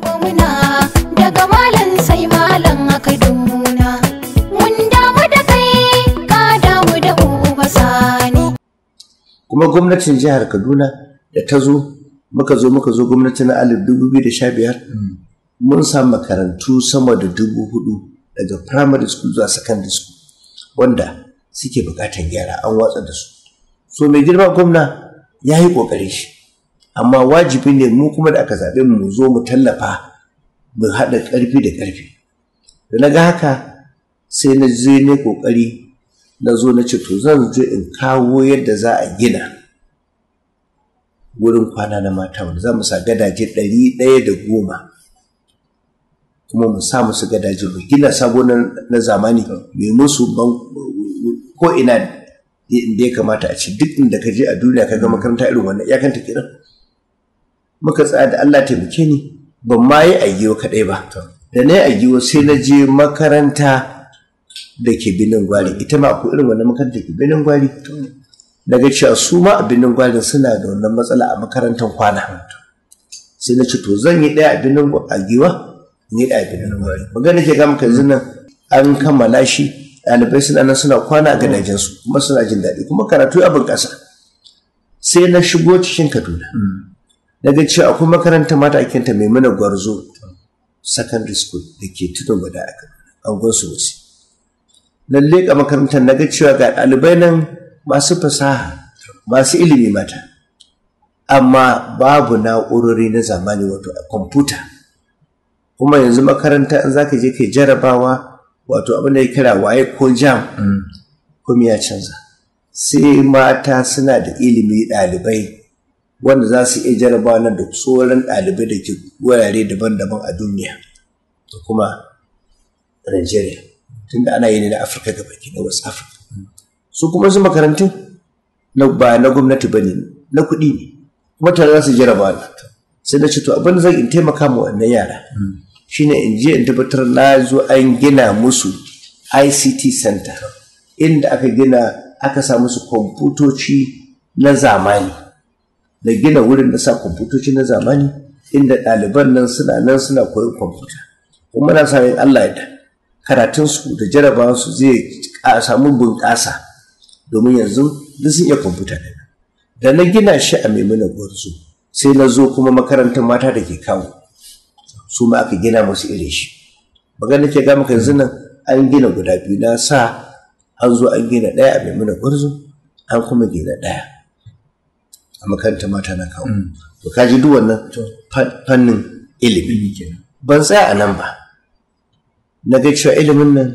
daga kuma gwamnatin jihar Kaduna da ta zo muka zo muka zo gwamnati na alif dubu biyu da sha biyar mun sa makarantu sama da dubu hudu daga primary school zuwa secondary school wanda suke buƙatar gyara an watsa da su so mai girma gwamna ya yi ƙoƙari shi amma wajibi ne mu kuma da aka zaɓe mu zo mu tallafa mu haɗa ƙarfi da ƙarfi da na ga haka sai na je ne ƙoƙari na zo na ce to zan zo in kawo yadda za a gina wurin kwana na mata wanda za mu sa gadaje ɗari ɗaya da goma kuma mu sa musu gadaje mu gina sabo na zamani mai musu ko ina da ya kamata a ce duk inda ka je a duniya ka ga makaranta irin wannan ya kanta kiran muka tsaya da Allah taimake ni ban ma yi agiyo kaɗai ba da na yi agiyo sai na je makaranta da ke binin gwari ita ma akwai irin wannan makaranta ke binin gwari daga cewa su ma a binin gwari suna da wannan matsala a makarantar kwana sai na ce to zan yi ɗaya a binin agiwa ni ɗaya a binin gwari magana ke gama kanzu nan an kammala shi ɗalibai suna nan suna kwana a gadajensu kuma suna jin daɗi kuma karatu abin ƙasa sai na shigo cikin kaduna mm. na cewa akwai makaranta mata a kenta mai mana gwarzo secondary school da ke tudun gwada a angon su wasu lalle ka makarantar na ga cewa ga ɗalibai nan masu fasaha masu ilimi mata amma babu na'urori na zamani wato a kwamfuta kuma yanzu makaranta in za ka je kai jarabawa wato abin da ya kira waye ko jam mm. kuma ya canza sai mata suna da ilimi ɗalibai wanda za su iya jaraba na da tsoron ɗalibai da ke wurare daban-daban a duniya da kuma Nigeria tunda ana yi ne na Afirka gaba ke na West Africa su kuma su makarantun ba na gwamnati ba ne na kuɗi ne kuma tare za su jaraba na sai na ce to abin da zan in taimaka ma wannan yara shine in je in tabbatar na zo an gina musu ICT center inda aka gina aka sa musu kwamfutoci na zamani na gina wurin da sa kwamfutoci na zamani inda ɗaliban nan suna nan suna koyon kwamfuta kuma muna sa yin Allah ya su da su zai samu bunƙasa domin yanzu duk sun iya kwamfuta ne da na gina shi a maimuna gwarzo sai na zo kuma makarantar mata da ke kawo su ma aka gina musu iri shi magana ke gama maka yanzu an gina guda biyu na sa an zo an gina ɗaya a maimuna gwarzo an kuma gina ɗaya a makaranta mata na kawo mm. to ji duk wannan fannin ilimi ban tsaya a nan ba na ga cewa ilimin nan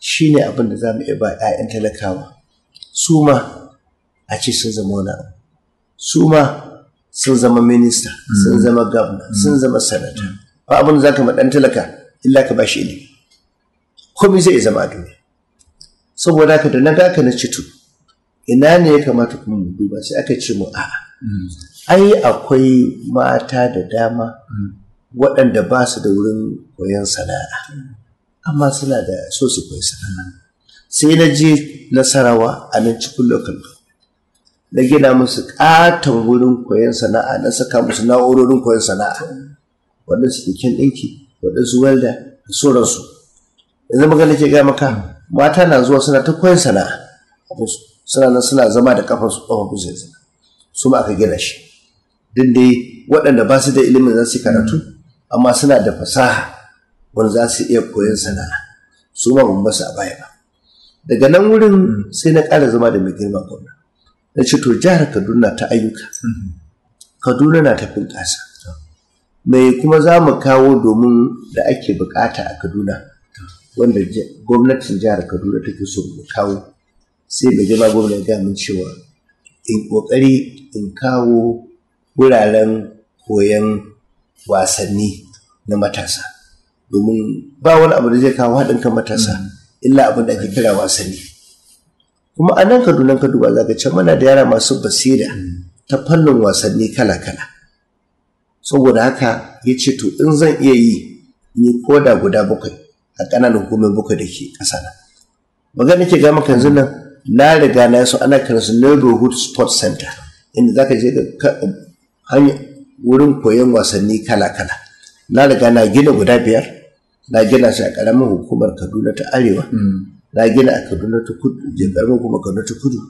shine abin da za mu iya ba 'ya'yan talakawa su ma a ce sun zama wani abu su ma sun zama minista sun mm. zama gwamna mm. sun zama sanata ba abin da za ka maɗan talaka illa ka ba shi ilimi komai zai zama a duniya saboda haka da na ga ka na citu ina ne ya kamata kuma mu duba sai aka ce mu a mm. ai akwai mata da dama mm. waɗanda ba su da wurin koyon sana'a amma suna da so su koyi sana'a sai na je nasarawa a nan cikin lokal na gina musu ƙaton wurin koyon sana'a na saka musu na'urorin koyon sana'a waɗansu keken ɗinki waɗansu welda da sauransu yanzu magana ke ga maka mata na zuwa suna ta koyon sana'a a suna nan suna zama da kafar su kafar kusa yanzu su ma aka gina shi duk dai waɗanda ba su da ilimin za su karatu amma suna da fasaha wanda za su iya koyon sana'a su ma ban basu a baya ba daga nan wurin sai na ƙara zama da mai girma gwamna na ce to jihar kaduna ta ayyuka kaduna na tafin ƙasa mai kuma za mu kawo domin da ake bukata a kaduna wanda gwamnatin jihar kaduna take so mu kawo sai mai girma gwamna ya gami cewa in ƙoƙari in kawo wuraren koyon wasanni na matasa domin ba wani abu da zai kawo haɗin kan matasa illa abin da ake kira wasanni kuma a nan kaduna ka za ka can mana da yara masu basira ta fannin wasanni kala-kala saboda haka ya ce to in zan iya yi ni koda guda bakwai a ƙananan hukumar bakwai da ke ƙasa na magana ke gama kanzu nan na riga na yaso ana kiransu neighborhood sports center inda za ka je wurin koyon wasanni kala-kala na riga na gina guda biyar na gina shi a ƙaramin hukumar kaduna ta arewa na gina a kaduna ta kudu ƙaramin hukumar kaduna ta kudu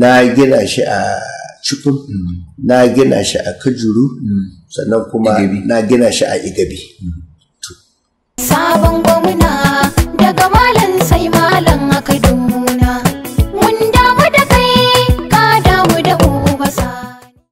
na gina shi a cikin na gina shi a kajuru sannan kuma na gina shi a igabi sabon gwamna daga mala